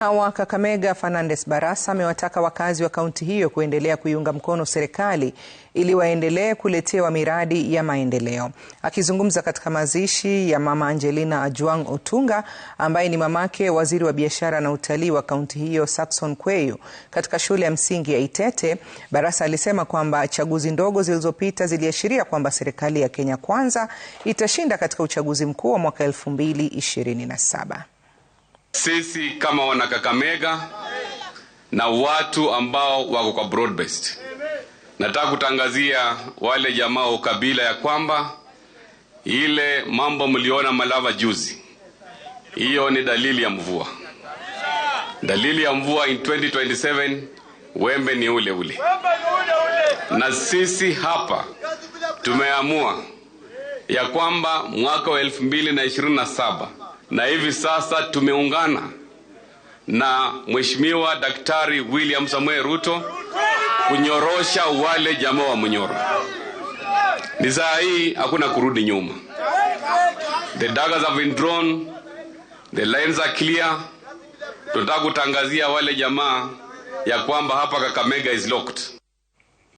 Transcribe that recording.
wa Kakamega Fernandes Barasa amewataka wakazi wa kaunti hiyo kuendelea kuiunga mkono serikali ili waendelee kuletewa miradi ya maendeleo. Akizungumza katika mazishi ya Mama Angelina Ajwang Otunga ambaye ni mamake waziri wa biashara na utalii wa kaunti hiyo Saxon Kweyu katika shule ya msingi ya Itete, Barasa alisema kwamba chaguzi ndogo zilizopita ziliashiria kwamba serikali ya Kenya Kwanza itashinda katika uchaguzi mkuu wa mwaka 2027. Sisi kama wana Kakamega na watu ambao wako kwa broadbest, nataka kutangazia wale jamaa wa kabila ya kwamba ile mambo mliona Malava juzi, hiyo ni dalili ya mvua. Dalili ya mvua in 2027 wembe ni ule ule, na sisi hapa tumeamua ya kwamba mwaka wa elfu mbili na ishirini na saba na hivi sasa tumeungana na Mheshimiwa Daktari William Samuel Ruto kunyorosha wale jamaa wa Munyoro. Ni saa hii hakuna kurudi nyuma. The daggers have been drawn, the lines are clear. Tunataka kutangazia wale jamaa ya kwamba hapa Kakamega is locked.